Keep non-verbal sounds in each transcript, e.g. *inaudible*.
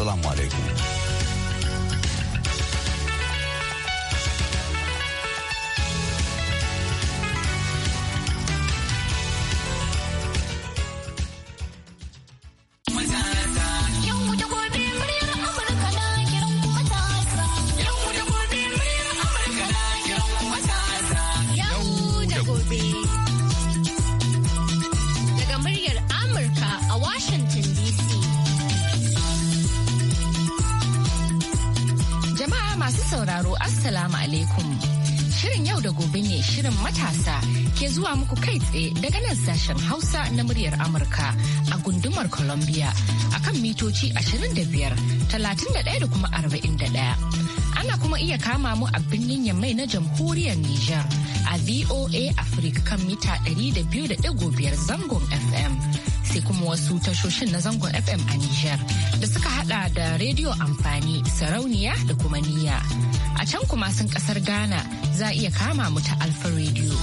Assalamu alaikum. yau da gobe ne shirin matasa ke zuwa muku kai tsaye daga nan sashen Hausa na muryar Amurka a gundumar Columbia kan mitoci 25, 31 da kuma 41. Ana kuma iya kama mu a birnin Yammai na jamhuriyar Nijar a VOA Africa kan mita 200.5 zangon FM. sai kuma wasu tashoshin na zangon FM a Nijar da suka hada da rediyo amfani sarauniya da kuma niyya. A can kuma sun kasar Ghana za a iya kama mu ta Alfa Radio.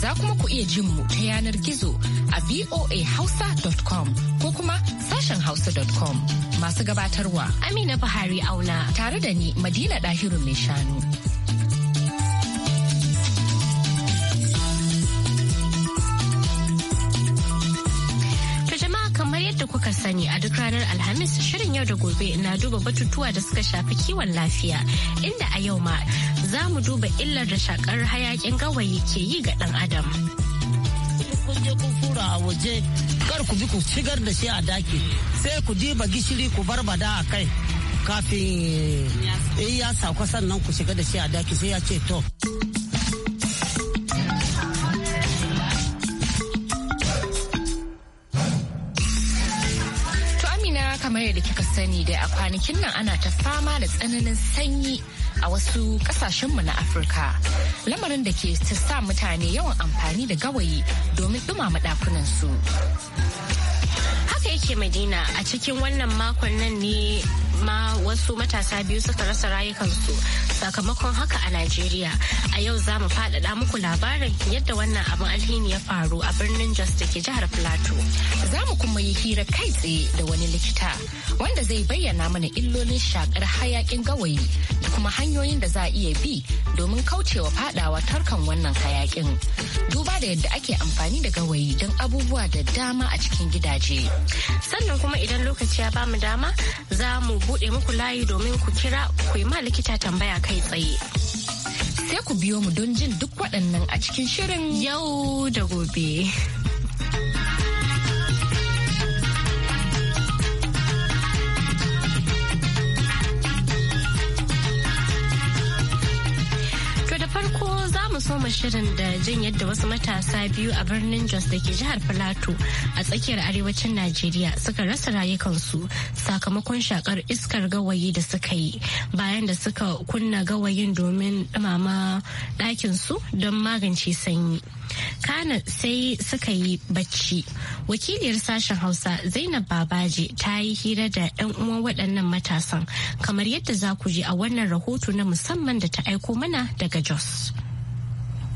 Za kuma ku iya jin mu ta yanar gizo a voahausa.com ko kuma sashen hausa.com. Masu gabatarwa Amina Buhari Auna tare da ni Madina Dahiru mai shanu. yau da gobe na duba batutuwa da suka shafi kiwon lafiya inda a yau ma za mu duba illar da shakar hayakin gawayi ke yi ga dan adam. Kun a waje kar ku bi ku shigar da shi a daki sai ku jiba gishiri ku barbada a kai kafin ya sauka sannan ku shiga da shi a daki sai ya ce to. yadda kika sani da a kwanakin nan ana ta fama da tsananin sanyi a wasu kasashenmu na Afirka. Lamarin da ke ta sa mutane yawan amfani da gawayi domin dumama su. Haka yake Madina a cikin wannan makon nan ne ma wasu matasa biyu suka rasa rayukansu sakamakon haka a Najeriya. A yau za mu faɗaɗa muku labarin yadda wannan abin alhini ya faru a birnin Jos da ke jihar Plateau. Za mu kuma yi hira kai tsaye da wani likita wanda zai bayyana mana illolin shakar hayakin gawayi da kuma hanyoyin da za a iya bi domin kaucewa faɗawa tarkan wannan hayakin. Duba da yadda ake amfani da gawayi don abubuwa da dama a cikin gidaje. Sannan kuma idan lokaci ya bamu dama za mu buɗe muku layi domin ku kira ku yi ma likita tambaya kai tsaye. Sai ku biyo mu don jin duk waɗannan a cikin shirin yau da gobe. soma shirin da jin yadda wasu matasa biyu a birnin Jos da ke jihar Filato a tsakiyar arewacin Najeriya suka rasa rayukansu sakamakon shakar iskar gawayi da suka yi bayan da suka kunna gawayin domin mama ɗakinsu don magance sanyi. Kana sai suka yi bacci. Wakiliyar sashen Hausa Zainab Babaji ta yi hira da 'yan uwan waɗannan matasan kamar yadda za ku ji a wannan rahoto na musamman da ta aiko mana daga Jos.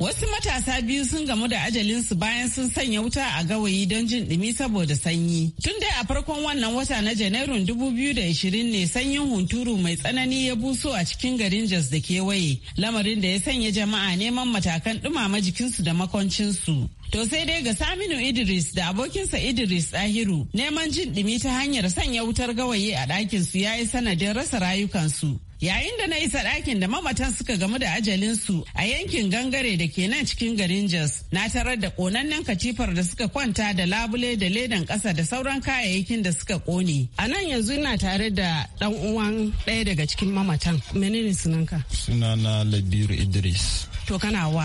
Wasu matasa biyu sun gamu da ajalinsu bayan sun sanya wuta a gawayi don jin ɗumi saboda sanyi. Tun dai a farkon wannan wata na Janairun dubu biyu da 2020 ne sanyin hunturu mai tsanani ya buso a cikin garin Jos da kewaye, lamarin da ya sanya jama'a neman matakan dumama jikinsu da makoncinsu. To sai dai ga Saminu Idris da abokinsa Idris Dahiru neman jin ɗumi ta hanyar sanya wutar gawayi a ɗakinsu ya yi sanadin rasa rayukansu. Yayin da na isa ɗakin da mamatan suka gamu da ajalinsu a yankin gangare da ke nan cikin garin Jos, na tarar da konannen katifar da suka kwanta da labule da ledan ƙasa da sauran kayayyakin da suka kone. A nan yanzu ina tare da ɗan uwan ɗaya daga cikin mamatan. Menene sunanka? Sunana Labiru Idris. To kana wa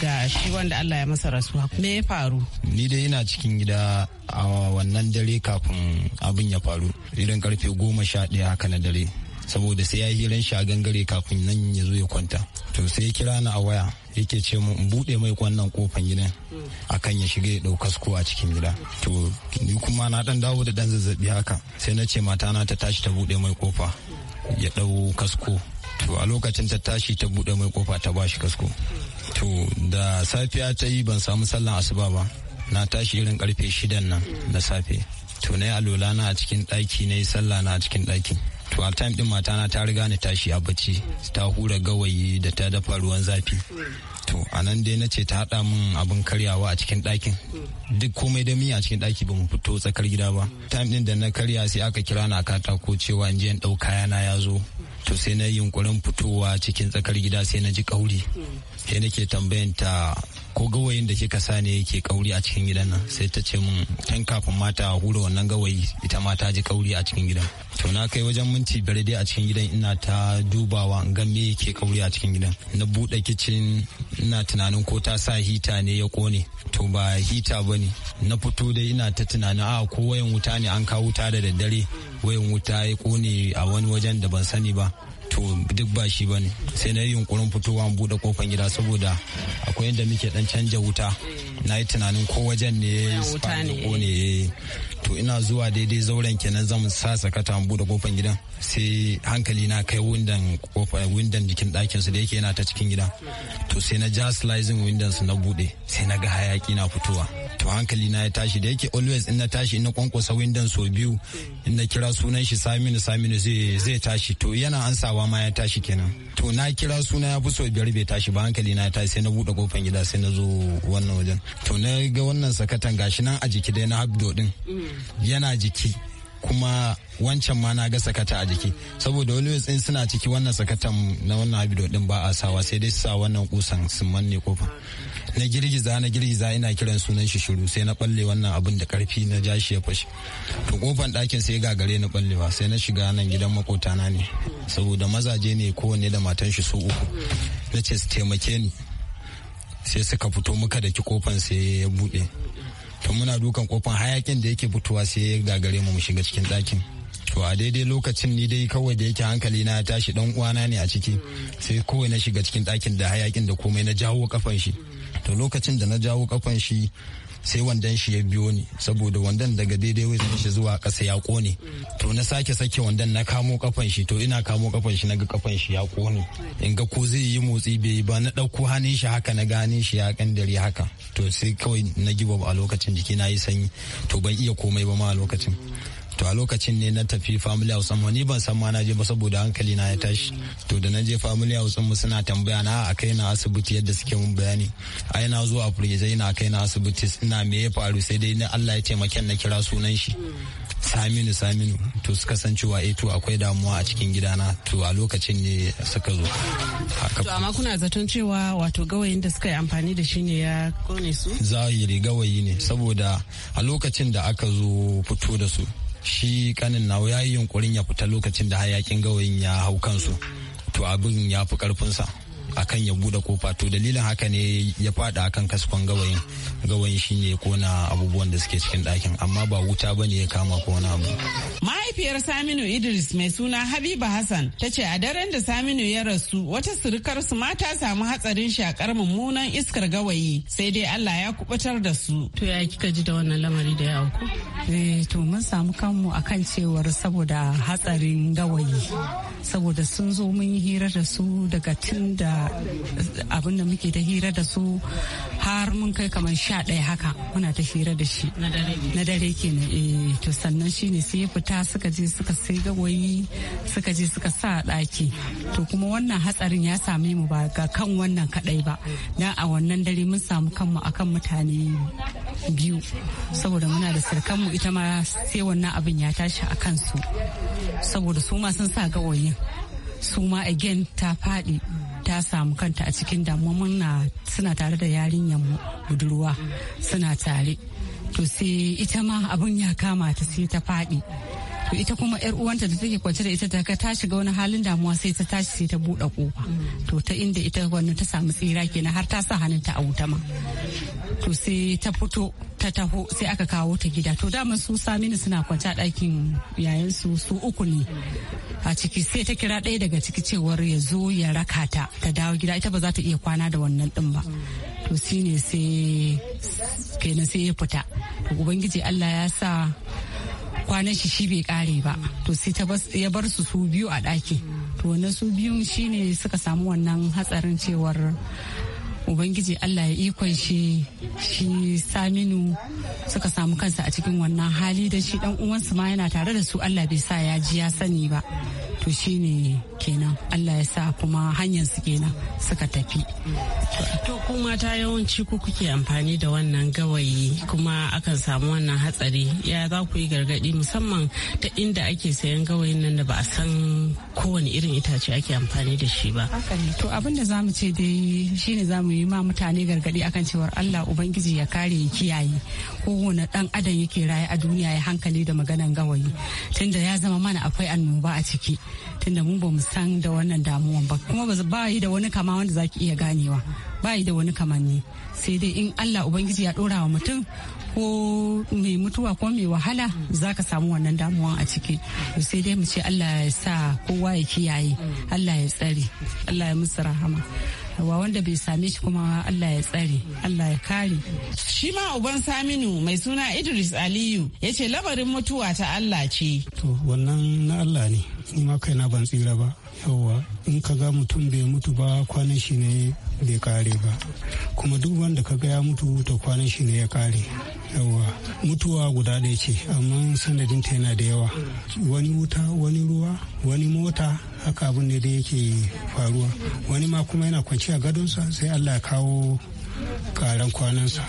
ga shi wanda Allah ya masa rasuwa. Me ya faru? Ni dai ina cikin gida a wannan dare kafin abin ya faru. Idan karfe goma sha ɗaya haka na dare. saboda sai ya yi hiran shi a gangare kafin nan ya zo ya kwanta to sai ya kira ni a waya yake ce mu in bude mai wannan kofan gidan kan ya shiga ya dau kasko a cikin gida to ni kuma na ɗan dawo da ɗan zazzabi haka sai na ce mata na ta tashi ta bude mai kofa ya dau kasko to a lokacin ta tashi ta bude mai kofa ta bashi kasko to da safiya ta yi ban samu sallan asuba ba na tashi irin karfe shidan nan na safe to na yi alola na a cikin ɗaki na yi sallah na a cikin ɗaki to a time din matana ta riga ni tashi a bacci ta hura gawayi da ta dafa ruwan zafi to a nan dai na ce ta haɗa min abin karyawa a cikin ɗakin duk komai da miya a cikin ɗaki ba mu fito tsakar gida ba time din da na karya sai aka kira na katako cewa in je in ɗau kayana ya zo to sai na yi yunkurin fitowa cikin tsakar gida sai na ji kauri sai nake tambayan ta ko gawayin da kika sa ne yake kauri a cikin gidan nan sai ta ce mun tun kafin mata hura wannan gawayi ita ma ta ji kauri a cikin gidan to na kai wajen minti biyar dai a cikin gidan ina ta dubawa in ga me yake kauri a cikin gidan na bude kicin ina tunanin ko ta sa hita ne ya kone to ba hita ba ne. na fito dai ina ta tunanin a ko wayan wuta ne an kawo wuta da daddare wayan wuta ya kone a wani wajen da ban sani ba to duk ba shi bane sai na yi yunkurin fitowa buɗe kofan gida saboda akwai inda muke dan canja wuta na yi tunanin ko wajen ne ya ne eh. to ina zuwa daidai zauren kenan zan sa sakata mu buɗe kofan gidan sai hankali na kai windan windan jikin ɗakin su da yake yana ta cikin gida to sai na ja slicing windan su na buɗe sai na ga hayaki na fitowa to hankali na ya tashi da yake always in na tashi ina kwankwasa windan so biyu ina kira sunan shi saminu saminu zai tashi to yana ansawa kowa ma ya tashi kenan to na kira suna ya fi so biyar bai tashi ba hankali na tashi sai na buɗe kofan gida sai na zo wannan wajen to na ga wannan sakatan gashi nan a jiki dai na habdo din mm. yana jiki kuma wancan ma na ga sakata a jiki saboda wani in suna ciki wannan sakatan na wannan abido din ba a sawa sai dai sa wannan kusan sun manne kofa na girgiza na girgiza ina kiran sunan shi shiru sai na balle wannan abin da karfi na ja shi ya fashe to kofan ɗakin sai gagare na ballewa sai na shiga nan gidan makotana ne saboda mazaje ne kowanne da matan shi su uku na ce su taimake ni sai suka fito muka da ki kofan sai ya buɗe to muna dukan kofan hayakin da yake fitowa sai ya gagare mu mu shiga cikin ɗakin to a daidai lokacin ni dai kawai da yake hankali na ya tashi dan uwana ne a ciki sai kawai na shiga cikin ɗakin da hayakin da komai na jawo kafan shi to lokacin da na jawo kafan shi sai wandan shi ya biyo ni saboda wandan daga daidai wajen shi zuwa ƙasa ya kone to na sake sake wandan na kamo kafan shi to ina kamo kafan shi naga kafan shi ya kone in ga ko zai yi motsi bai yi ba na ɗauko hannun shi haka na gane shi ya kandare haka to sai kawai na giba a lokacin jiki na yi sanyi to ban iya komai ba ma a lokacin to a lokacin ne na tafi family house amma ni ban san ma na je ba saboda hankali na ya tashi to da na je family house mu suna tambaya na a kai na asibiti yadda suke mun bayani ai na zo a furgize ina kai na asibiti ina me ya faru sai dai na Allah ya taimake na kira sunan shi Saminu Saminu to suka san cewa eh to akwai damuwa a cikin gidana to a lokacin ne suka zo to amma kuna zaton cewa wato gawayin da suka yi amfani da shi ne ya kone su zahiri gawayi ne saboda a lokacin da aka zo fito da su shi kanin nawa ya yi yunkurin ya fita lokacin da hayakin gawayin ya hau kansu to abin ya fi karfinsa akan ya bude kofa to dalilin haka ne ya fada akan kaskon gawayin gawayin shine kona abubuwan da suke cikin dakin amma ba wuta ba ne ya kama ko abu mahaifiyar Saminu Idris mai suna Habiba Hassan ta ce a daren da Saminu ya rasu wata surukar su ma ta samu hatsarin shakar mummunan iskar gawayi sai dai Allah ya kubutar da su to ya kika ji da wannan lamari da ya auku eh to mun samu kanmu akan cewar saboda hatsarin gawayi saboda sun zo mun yi hira da su daga tun da abin da muke ta hira da su har mun kai kamar sha ɗaya haka muna ta hira da shi na dare kenan e to sannan shi ne sai fita suka je suka sai gawayi suka je suka sa ɗaki to kuma wannan hatsarin ya same mu ba ga kan wannan kaɗai ba na a wannan dare mun samu kanmu akan mutane biyu saboda muna da sirkanmu ita ma sai wannan abin ya tashi a kansu saboda su ma sun sa gawayin su ma again ta faɗi ta samu kanta a cikin damuwa muna suna tare da yarinyar budurwa suna tare to sai ita ma abun ya kama ta sai ta faɗi to ita kuma yar uwanta da take kwance da ita ta ta shiga wani halin damuwa sai ta tashi sai ta buɗe kofa to ta inda ita wannan ta samu tsira kenan har ta sa hannunta a wuta ma to sai ta fito ta taho sai aka kawo ta gida to dama su saminu suna kwance a ɗakin yayansu su uku ne a ciki sai ta kira ɗaya daga ciki cewar ya zo ya raka ta ta dawo gida ita ba za ta iya kwana da wannan ɗin ba to shine sai kenan sai ya fita to ubangiji Allah ya sa kwanan shi shi bai kare ba to sai ta ya bar su su biyu a daki to na su biyun shine suka samu wannan hatsarin cewar ubangiji allah ya ikon shi shi saminu suka samu kansa a cikin wannan hali da shi dan uwansu ma yana tare da su allah bai sa ya ji ya sani ba to shi ne kenan Allah ya sa kuma hanyar su kenan suka tafi to kuma ta yawanci ku kuke amfani da wannan gawayi kuma akan samu wannan hatsari ya za ku yi gargadi musamman ta inda ake sayan gawayin nan da ba a san kowane irin itace ake amfani da shi ba to abin da zamu ce dai shine zamu yi ma mutane gargadi akan cewar Allah ubangiji ya kare ya kiyaye kowane dan adam yake raye a duniya ya hankali da maganan gawayi tunda ya zama mana akwai annoba a ciki tunda mu ba mu san da wannan damuwan ba kuma ba yi da wani kama wanda zaki iya ganewa ba yi da wani kamanni sai dai in Allah ubangiji ya dora wa mutum ko mai mutuwa ko mai wahala zaka samu wannan damuwan a ciki sai dai mu ce Allah ya sa kowa ya kiyaye Allah ya tsare Allah ya musu rahama Wa wanda bai same shi kuma Allah ya tsare Allah ya kare shi ma uban Saminu mai suna Idris Aliyu ya ce labarin mutuwa ta Allah ce to wannan na Allah ne kuma kai na ban tsira ba yawwa in ka ga mutum bai mutu ba kwanan shi ne bai kare ba kuma duk wanda ka ga ya mutu to kwanan shi ne ya kare yawwa mutuwa guda ɗaya ce amma sanadin ta yana da yawa wani wuta wani ruwa wani mota haka abin ne da yake faruwa wani ma kuma yana kwanci a gadonsa sai allah ya kawo karan kwanansa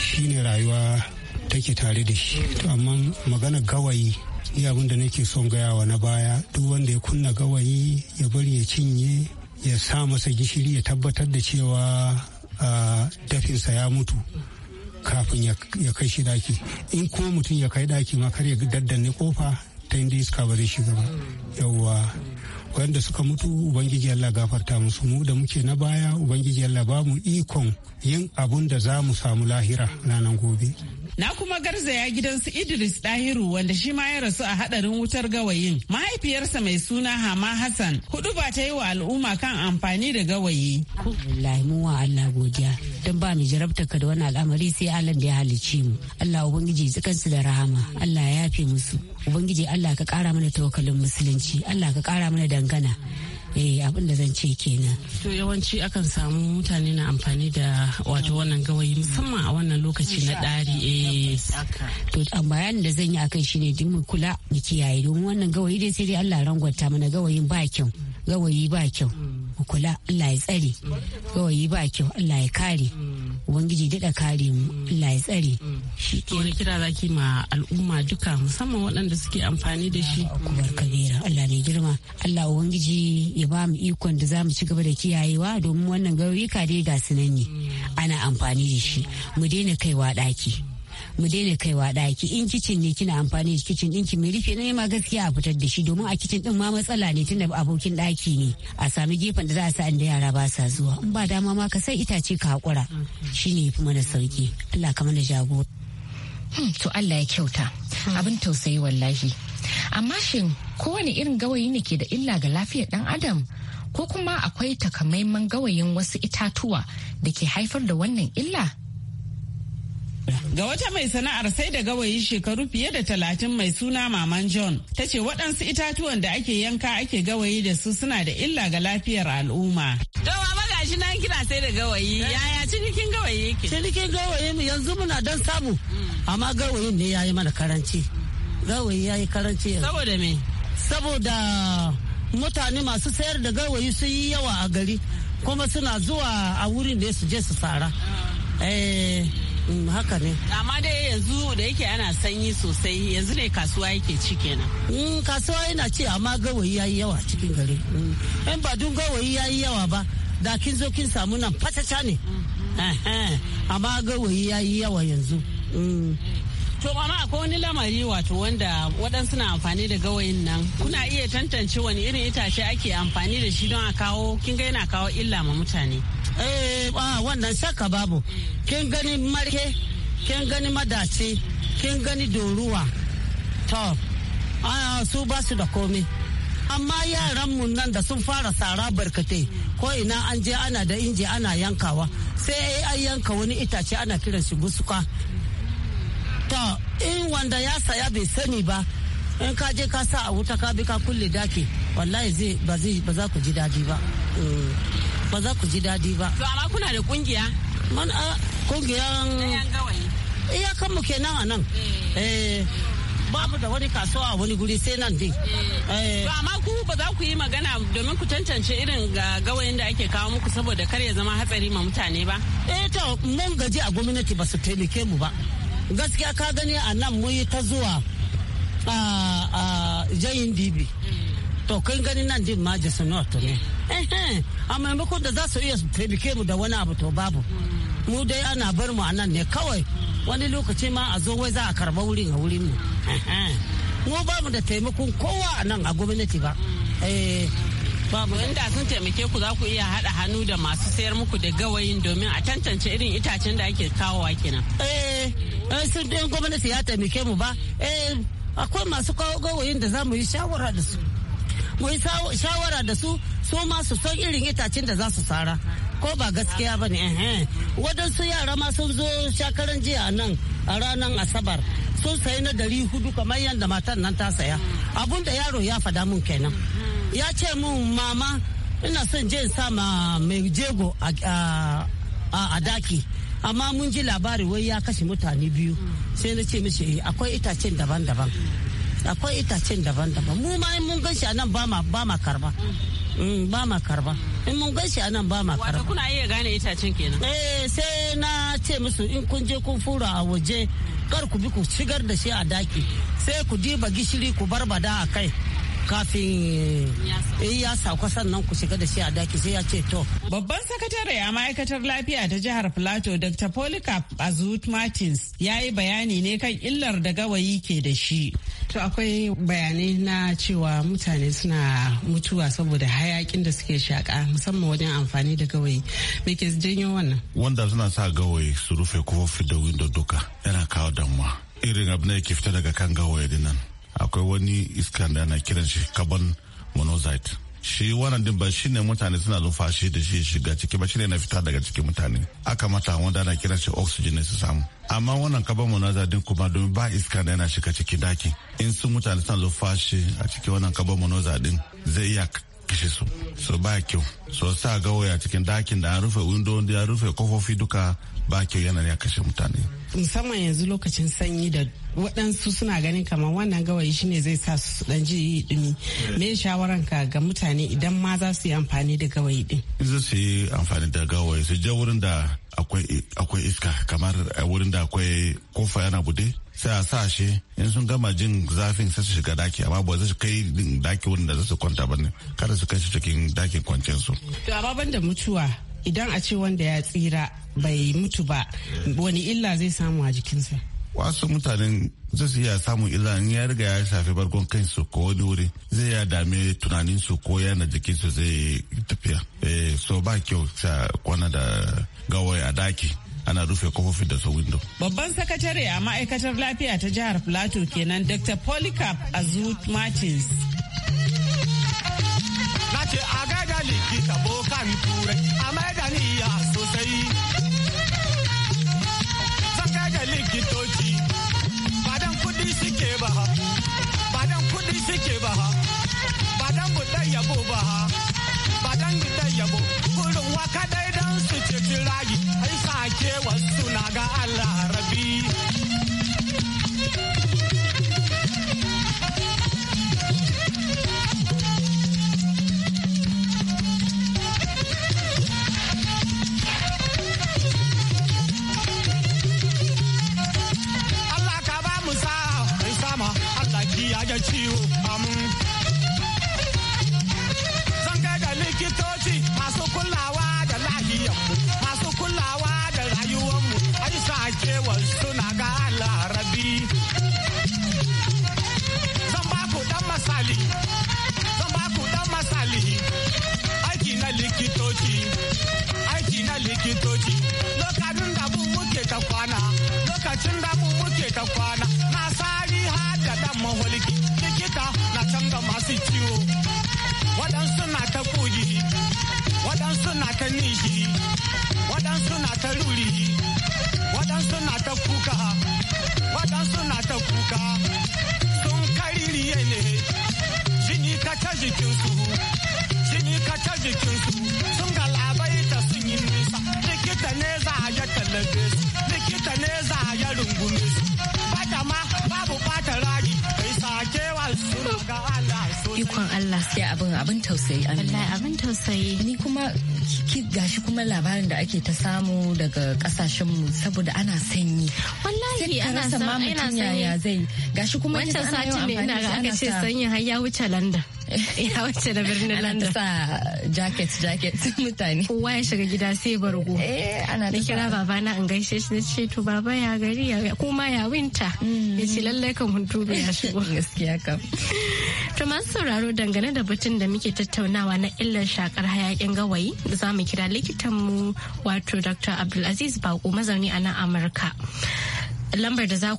shine rayuwa take tare da shi to amma magana gawayi ni abin da nake son gaya wa na baya duk wanda ya kunna gawayi ya bari ya cinye ya sa masa gishiri ya tabbatar da cewa dafinsa ya mutu kafin ya kai shi daki in ko mutum ya kai daki ma kar ya daddanne kofa ta inda iska ba zai shiga ba yawwa wanda suka mutu ubangiji Allah gafarta musu mu da muke na baya ubangiji Allah ba mu ikon yin abun da za mu samu lahira na nan gobe Na kuma garzaya gidansu Idris Dahiru wanda shi ma ya rasu a hadarin wutar gawayin. Mahaifiyarsa mai suna Hama Hassan hudu ba ta yi wa al'umma kan amfani da gawayi. Wallahi mu wa Allah godiya don ba mu jarabta ka da wani al'amari sai Allah da ya halicci mu. Allah ubangiji tsikansu da rahama. Allah ya yafe musu ubangiji Allah ka kara mana tawakkalin musulunci Allah ka kara mana dangana eh abin da zan ce kenan to yawanci akan samu mutane na amfani da wato wannan gawayi musamman a wannan lokaci na dari eh to bayanin da zan yi akan shine duk mu kula mu kiyaye domin wannan gawayi dai sai dai Allah rangwata mana gawayin ba kyau gawayi ba kyau mu kula Allah ya tsare gawayi ba kyau Allah ya kare ubangiji daɗa kare mu Allah ya tsare shi ke wani kira zaki ma al'umma duka musamman waɗanda suke amfani da shi kubar kabera Allah ne girma Allah ubangiji ya ba mu ikon da za mu ci gaba da kiyayewa domin wannan gauyuka dai ga su ne ana amfani da shi mu daina kaiwa ɗaki mu daina kaiwa ɗaki in kicin ne kina amfani da kicin din ki mai rufe ne ma gaskiya a fitar da shi domin a kicin din ma matsala ne tunda abokin daki ne a sami gefen da za a sa inda yara ba sa zuwa in ba dama ma ka sai itace ka hakura shine yafi mana sauki Allah ka mana jagora hmm, to Allah ya kyauta hmm. abin tausayi wallahi amma shin kowane irin gawayi ne ke da illa ga lafiyar dan adam ko kuma akwai takamaiman gawayin wasu itatuwa da ke haifar da wannan illa Ga wata mai sana'ar sai da gawayi shekaru fiye da talatin mai suna Maman John, ta ce waɗansu itatuwan da ake yanka ake gawayi da su suna da illa ga lafiyar al'umma. shi na kina sai da gawayi yaya cinikin gawayi yake cinikin gawayi mu yanzu muna dan samu amma gawayin ne yayi mana karanci gawayi yayi karanci saboda me saboda mutane masu sayar da gawayi sun yi yawa a gari kuma suna zuwa a wurin da su je su sara eh Mm, haka ne amma dai yanzu da yake ana sanyi sosai yanzu ne kasuwa yake ci kenan mm, kasuwa yana ci amma gawayi ya yi yawa cikin gari mm, in ba dun gawayi ya yi yawa ba da kin zo kin samu nan fatata ne mm-hmm. amma gawayi ya yi yawa yanzu To amma akwai wani lamari wato wanda waɗansu suna amfani da gawayin nan kuna iya tantance wani irin itace ake amfani da shi don a kawo kin ga yana kawo illa ma mutane. eh wannan saka babu kin gani marke kin gani madace kin gani doruwa to su ba su da komai amma yaran mu nan da sun fara tsara barkatai ko ina an je ana da inji ana yankawa sai an yanka wani itace ana kiran shi gusuka to in wanda ya saya bai sani ba in ka je ka sa a wuta ka bi ka kulle daki wallahi zai ba za ku ji dadi ba mm. ba za ku ji daɗi ba. To amma kuna da kungiya? Man a kungiyan. kan mu kenan a nan. Ba eh. eh, Babu da wani kasuwa a wani guri sai nan dai. Eh. To amma ku ba za ku yi magana domin ku tantance irin ga gawayin da ake kawo muku saboda kar ya zama hatsari ma mutane ba? Eh to mun gaji a gwamnati ba su taimake mu ba. Gaskiya ka gani a nan mu yi ta zuwa a jayin dibi. Mm. to kun gani nan din ma jesunoto ne a maimakon da za su iya taimake mu da wani abu to babu mu dai ana bar mu a nan ne kawai wani lokaci ma a zo wai za a karba wurin a wurin mu mu ba mu da taimakon kowa a nan a gwamnati ba eh, babu inda sun taimake ku za ku iya haɗa hannu da masu sayar muku da gawayin domin a tantance irin itacen da ake kawowa kenan eh sun gwamnati ya taimake mu ba eh akwai masu kawo gawayin da za mu yi shawara da su mu yi shawara da su su ma su san irin itacen da za su sara ko ba gaskiya ba ne wadansu yara ma sun zo shakaran jiya nan a ranar asabar sun sayi na dari hudu kamar yadda matan nan ta saya abun da yaro ya fada mun kenan ya ce mun mama ina son je sa ma mai jego a daki amma mun ji labari wai ya kashe mutane biyu sai na ce mishi eh, akwai itacen daban-daban akwai itacen daban-daban mu ma mun gan shi anan ba ma ba ma karba mm, ba ma karba in mun gan shi anan ba ma karba wato kuna iya gane itacen kenan eh sai na ce musu in kun je kun fura a waje kar ku bi ku shigar da shi a daki sai ku diba gishiri ku barbada a kai kafin ya kwasan nan ku shiga da shi a daki sai ya ce to. Babban sakatare a ma'aikatar lafiya ta jihar Filato Dr. Polycarp Azut Martins ya yi bayani ne kan illar da gawayi ke da shi. To akwai bayanai na cewa mutane suna mutuwa saboda hayakin da suke shaka musamman wajen amfani da gawayi. Me ke janyo wannan? Wanda suna sa gawayi su rufe kofofi da windo duka yana kawo damuwa. Irin abin da ke fita daga kan gawayi dinnan. akwai wani iska da ana kiran shi carbon monoxide shi wannan din ba shine mutane suna shi da shi shiga ciki ba shine na fita daga ciki mutane aka mata wanda ana kiran shi oxygen su samu amma wannan carbon monoxide din kuma domin ba iska da yana shiga ciki daki in sun mutane suna numfashi a cikin wannan carbon monoxide din zai iya kashe su so ba kyau so sa gawaya cikin dakin da an rufe window da an rufe kofofi duka ba kyau yana ya kashe mutane musamman yanzu lokacin sanyi da waɗansu suna ganin kamar wannan gawayi shine zai sa su dan ji dumi eh. me shawaran ka ga mutane idan ma za su yi amfani da gawayi din za su yi amfani da gawayi su je wurin da akwai iska kamar eh, wurin da akwai kofa yana bude sai a sa shi in sun gama jin zafin sai su shiga daki amma ba su kai daki wurin da za su kwanta ba ne kada su kai shi cikin dakin kwanciyar su to amma da mutuwa idan a ce wanda ya tsira bai mutu ba wani illa zai samu a jikinsa wasu mutanen zai su iya samun illa in ya riga ya shafi bargon kansu ko wani wuri zai ya dame su ko yana su zai tafiya eh, so ba kyau kwana da gawai a daki ana rufe kofofi da su window. Babban sakatare a ma'aikatar lafiya ta jihar Plateau kenan Dr. Polycarp Azu Martins. Na ce a gaida likita kan turai a maida niyya dan kudi suke ba ha ba dan budan yabo ba ha ba dan budan yabo gurin waka dai dan su ce rayi ai sake wasu na ga Allah rabi tausayi an abin tausayi ni kuma ki gashi kuma labarin da ake ta samu daga kasashen mu saboda ana sanyi wallahi ana sanyi ana sanyi gashi kuma wancan satin da ina ga aka ce sanyi har ya wuce landan ya *laughs* wace da birnin London. Ana jacket jacket *laughs* mutane. Kowa ya shiga gida sai bargo. Eh ana kira babana in gaishe shi ce to baba ya gari ya kuma ya winta. Mm. Ya ce lallai kan hunturu ya *laughs* shigo. Gaskiya kam. To masu sauraro dangane da batun da muke tattaunawa na illar shakar hayakin gawayi za mu kira likitanmu wato Dr. Abdulaziz Bako mazauni a nan Amurka. Lambar da za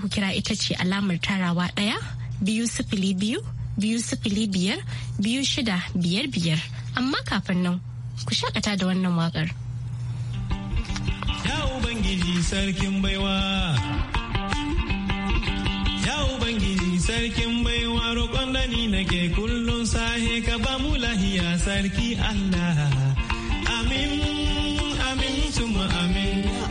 ku kira ita ce alamar tarawa ɗaya biyu sifili biyu biyu sifili biyar biyu shida biyar biyar amma kafin nan ku shakata da wannan wakar. Ya Ubangiji sarkin baiwa Ya Ubangiji sarkin baiwa roƙon da nake kullum sahe ka ba mu lahiya sarki Allah. Amin, amin, tuma amin.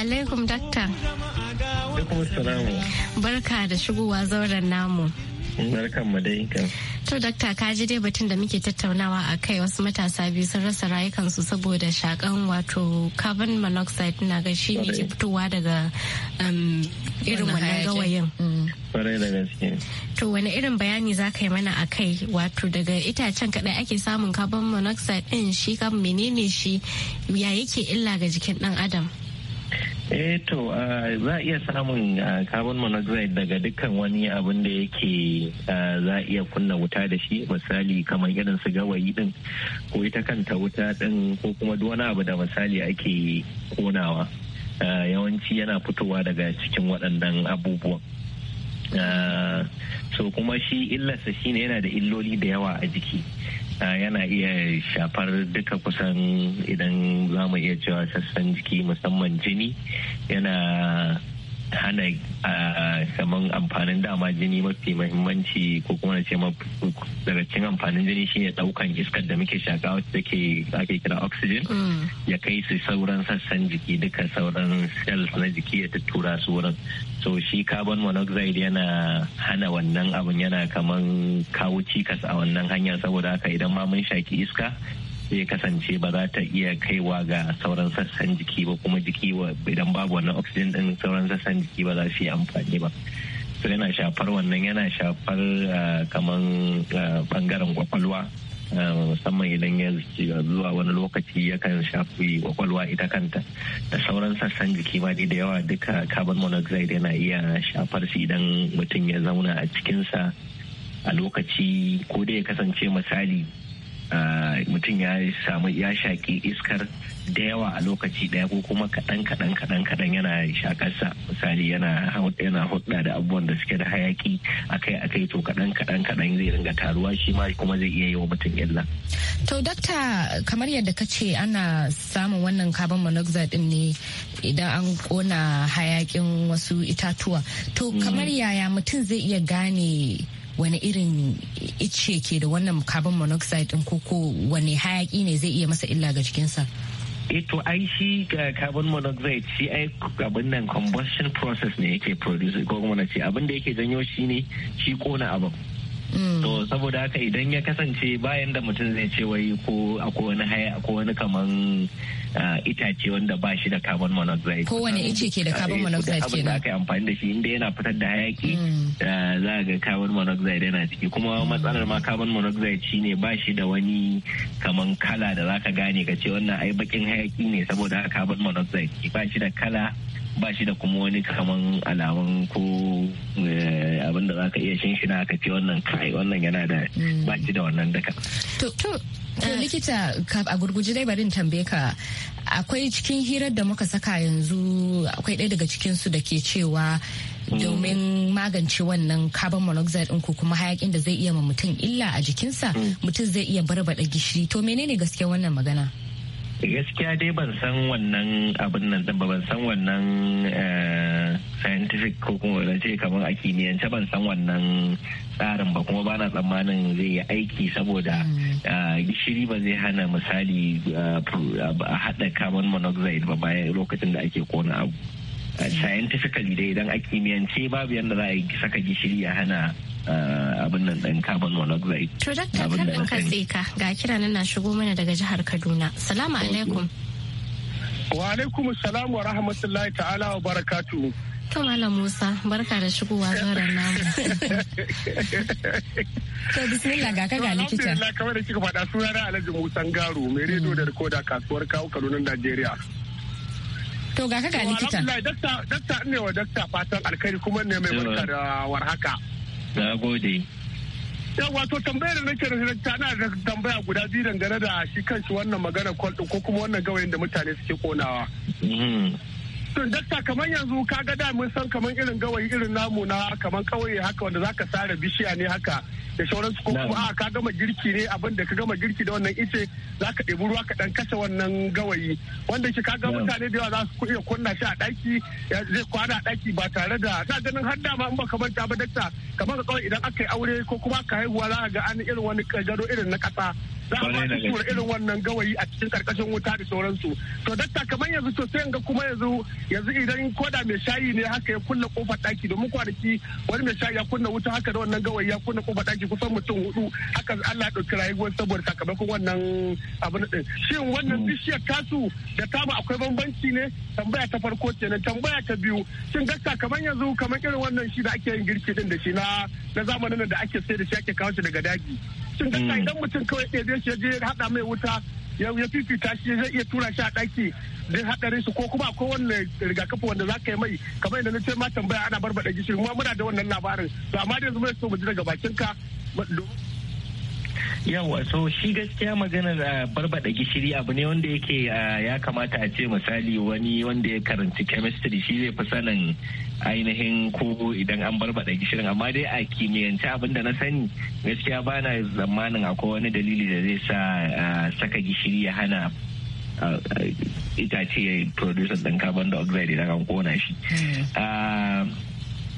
alaikum dakta. Barka da shigowa zauren namu. mu To dakta ka ji dai batun da muke tattaunawa a kai wasu matasa biyu sun rasa rayukansu saboda shakan wato carbon monoxide na ga shi ne ke fitowa daga um, irin wannan gawayin. Mm. da gaske. To wani irin bayani za ka yi mana a kai wato daga itacen kaɗai ake samun carbon monoxide ɗin shi kan menene shi ya yake illa ga jikin ɗan adam. eh to za a iya samun carbon monoxide daga dukkan wani abin da yake za a iya kunna wuta da shi misali kamar irin su gawayi din ko ita kanta wuta din ko kuma duk wani abu da misali ake konawa yawanci yana fitowa daga cikin waɗannan abubuwan so kuma shi illarsa shine yana da illoli da yawa a jiki yana iya shafar duka kusan idan za mu iya cewa sassan jiki musamman jini yana hana saman amfanin dama jini mafi mahimmanci ko kuma na ce daga cikin amfanin jini shine daukan iskar da muke shaka wacce take ake kira oxygen mm. ya kai su sauran sassan jiki duka sauran cells na jiki ya tattura su wurin so shi carbon monoxide yana hana wannan abun yana kaman kawo cikas a wannan hanya saboda haka idan ma mun shaki iska sai kasance ba za ta iya kaiwa ga sauran sassan jiki ba kuma jiki idan babu wannan oxygen din sauran sassan jiki ba za su yi amfani ba so yana shafar wannan yana shafar ah, kamar ah, bangaren kwakwalwa ah, musamman idan ya zuwa wani lokaci yakan shafi kwakwalwa ita kanta da sauran sassan jiki ma da yawa duka carbon monoxide yana iya shafar shi idan mutum ya zauna a cikinsa a lokaci ko da ya kasance misali mutum ya samu ya shaƙi iskar da yawa a lokaci daya ko kuma kaɗan kaɗan kaɗan kaɗan yana shakarsa misali yana yana hudda da abubuwan da suke da hayaki akai akai to kaɗan kaɗan kaɗan zai ringa taruwa shi ma kuma zai iya yi wa mutum illa. To dakta kamar yadda ka ce ana samun wannan carbon monoxide din ne idan an kona hayakin wasu itatuwa to mm. kamar yaya mutum zai iya gane wani irin ice ke da wannan carbon monoxide din koko wani hayaki ne zai iya masa illa ga jikinsa eh, to ai shi ga eh, carbon monoxide shi ai abin nan combustion process ne yake produce ko kuma na ce abin da yake janyo shi ne shi kona abin Mm. to saboda haka idan ya kasance bayan da mutum zai ce wai ko akwai wani haya akwai wani kaman ah, itace wanda ba shi da carbon monoxide Ko wani ice ke da carbon eh, monoxide kenan abin da aka yi amfani da shi inda yana fitar da hayaki mm. ah, za ga carbon monoxide yana ciki kuma mm. matsalar ma carbon monoxide shine ba shi da wani kaman kala da zaka gane ka ce wannan ai bakin hayaki ne saboda carbon monoxide ba shi da kala ba shi da kuma wani kaman alamun ko eh, ka iya shinshina aka ce wannan kai wannan yana da mm. baki da wannan daka. To, to, eh. likita a gurguje dai barin tambaye ka akwai cikin hirar da muka saka yanzu akwai ɗaya daga cikinsu da ke cewa mm. domin magance wannan carbon monoxide ɗin ko kuma hayakin da zai iya ma mutum illa a jikinsa mm. mutum zai iya barbaɗa gishiri to menene gaskiya wannan magana? gaskiya dai ban san wannan abin nan ba ban san wannan eh, scientific ko kuma na ce kamar a kimiyyance ban san wannan tsarin ba kuma bana tsammanin zai yi aiki saboda hmm. eh, gishiri ba zai hana misali a eh, haɗa carbon monoxide ba bayan lokacin da ake kona abu hmm. scientifically dai idan a kimiyyance babu yadda za a saka gishiri ya hana Eh, abin nan ɗin carbon monoxide. To dakta kan ɗin ka ka ga kira nan na shigo mana daga jihar Kaduna. Salamu alaikum. Wa alaikum salam wa rahmatullahi ta'ala wa barakatu. To Malam Musa, barka da shigowa zauren namu. *laughs* To bismillah ga kaga likita. Alhamdulillah kamar da kika faɗa suna na Alhaji Musa Garu, mai mm. rediyo da rikoda kasuwar kawo Kaduna Najeriya. To ga kaga likita. Alhamdulillah dakta ne wa dakta fatan alkhairi kuma ne mai barka da warhaka. Na gode. Yawwa to tambayar da nake da na da tambaya guda biyu dangane da shi kanshi wannan magana kwal ko kuma wannan gawayin da mutane suke konawa. Mm-hmm. To dakta kamar yanzu ka ga da mun san kamar irin gawayi irin namu na kamar kauye haka wanda zaka sare bishiya ne haka da sauransu ko kuma a ka gama girki ne abin da ka gama girki da wannan ice zaka ɗebi ruwa ka dan kashe wannan gawayi wanda ki ka ga mutane da yawa za su iya kunna shi a ɗaki zai kwana a daki ba tare da na ganin har da ma in baka manta ba dakta kamar ka kawai idan aka yi aure ko kuma ka haihuwa za ka ga an irin wani gado irin na ƙasa za su tura irin wannan gawayi a cikin karkashin wuta da sauransu to dakta kamar yanzu to sai ga kuma yanzu yanzu idan koda mai shayi ne haka ya kunna kofar daki domin kwanaki wani mai shayi ya kunna wuta haka da wannan gawayi ya kunna kofar daki kusan mutum hudu haka Allah ya dauki rayuwar saboda sakamakon wannan abin din shin wannan bishiyar tasu da tamu akwai bambanci ne tambaya ta farko kenan tambaya ta biyu shin dakta kamar yanzu kamar irin wannan shi da ake yin girki din da shi na na zamanin da ake sai da shi ake kawo shi daga daji tun da idan mm. mutum kawai je ya je haɗa mai wuta ya fifita shi zai iya tura shi a daki din hadarin su ko kuma akwai riga rigakafi wanda za ka yi mai kamar yadda na ce ma tambaya ana barbaɗa gishiri kuma muna da wannan labarin amma dai yanzu mai so mu ji daga bakin ka yawa so shi gaskiya maganar ah, barbada gishiri abu ne wanda yake ah, ya kamata a ce misali wani wanda ya karanci chemistry shi zai fi sanin ainihin ko idan an barbada gishirin amma dai a kimiyyance abin da na sani gaskiya bana zamanin akwai wani dalili da zai sa ah, saka gishiri ya hana itace ya producer ɗin carbon dioxide idan an kona shi hmm.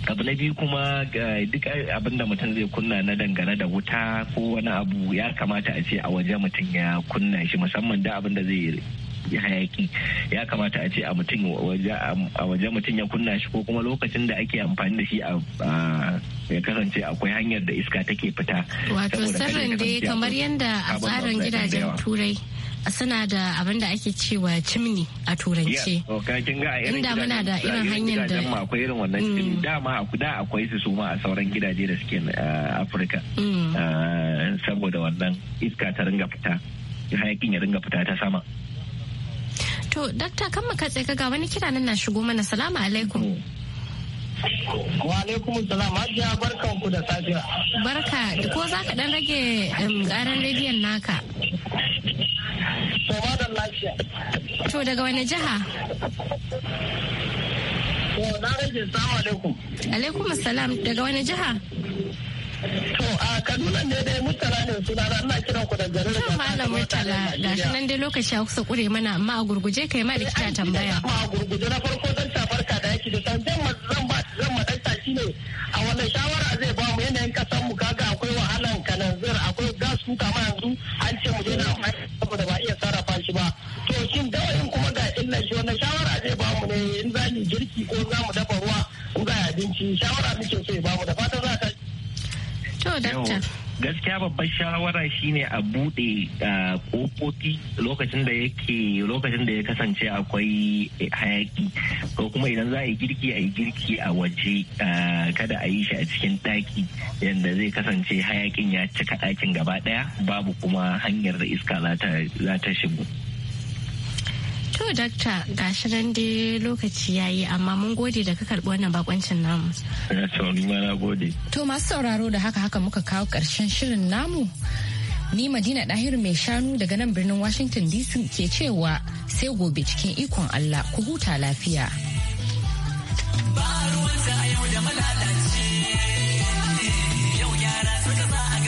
abu na biyu kuma duk abin da mutum zai kunna na dangane da wuta ko wani abu ya kamata a ce a waje mutum ya kunna shi musamman da abin da zai hayaki ya kamata a ce a mutum a waje mutum ya kunna shi ko kuma lokacin da ake amfani da shi a ya kasance akwai hanyar da iska take fita wato sirrin kamar yadda a tsarin gidajen turai suna da abin da ake cewa chimney a turance oh, inda muna da irin hanyar da akwai irin wannan chimney mm. dama da akwai su suma a sauran gidaje da suke eh, afirka mm. eh, saboda wannan iska ta ringa fita hayakin ya ringa fita ta sama to dakta kan makatse kaga wani kiranin na shigo mana salamu alaikum mm. Wa alaikum salam hajiya barkan ku da safiya. Barka ko za ka dan rage karan um, rediyon naka. To da lafiya. To daga wani jiha? To na rage salamu alaikum. Alaikum salam daga wani jiha? To a Kaduna ne dai mutala ne suna da ina kiran ku da garin da Malam Murtala gashi nan dai lokaci ya kusa kure mana amma a gurguje kai ma likita tambaya. A gurguje na farko zan ta farka da yake da san zan shine a wannan shawara zai ba mu yanayin kasan mu kaga akwai wahalan kananzir akwai gas kuka ma yanzu an ce mu daina amfani saboda ba iya sarrafa shi ba to shin dawayin kuma ga illan shi wannan shawara zai ba mu ne in za mu girki ko za mu dafa ruwa ko ga abinci shawara muke so ya ba mu da fata za ta to dakta gaskiya babbar shawara shine a bude kofofi lokacin da yake lokacin da ya kasance akwai hayaki ko kuma idan za a yi girki a yi girki a waje kada a yi shi a cikin daki yadda zai kasance hayakin ya cika dakin gaba daya babu kuma hanyar da iska za ta shigo. To dakta ga nan dai lokaci ya yi amma mun gode da ka karɓi wannan bakoncin namu. To masu sauraro da haka haka muka kawo karshen shirin namu. Ni Madina Ɗahiru mai shanu daga nan birnin Washington DC ke cewa sai gobe cikin ikon Allah ku huta lafiya. manta a yau da malalaci yau yara suka sa a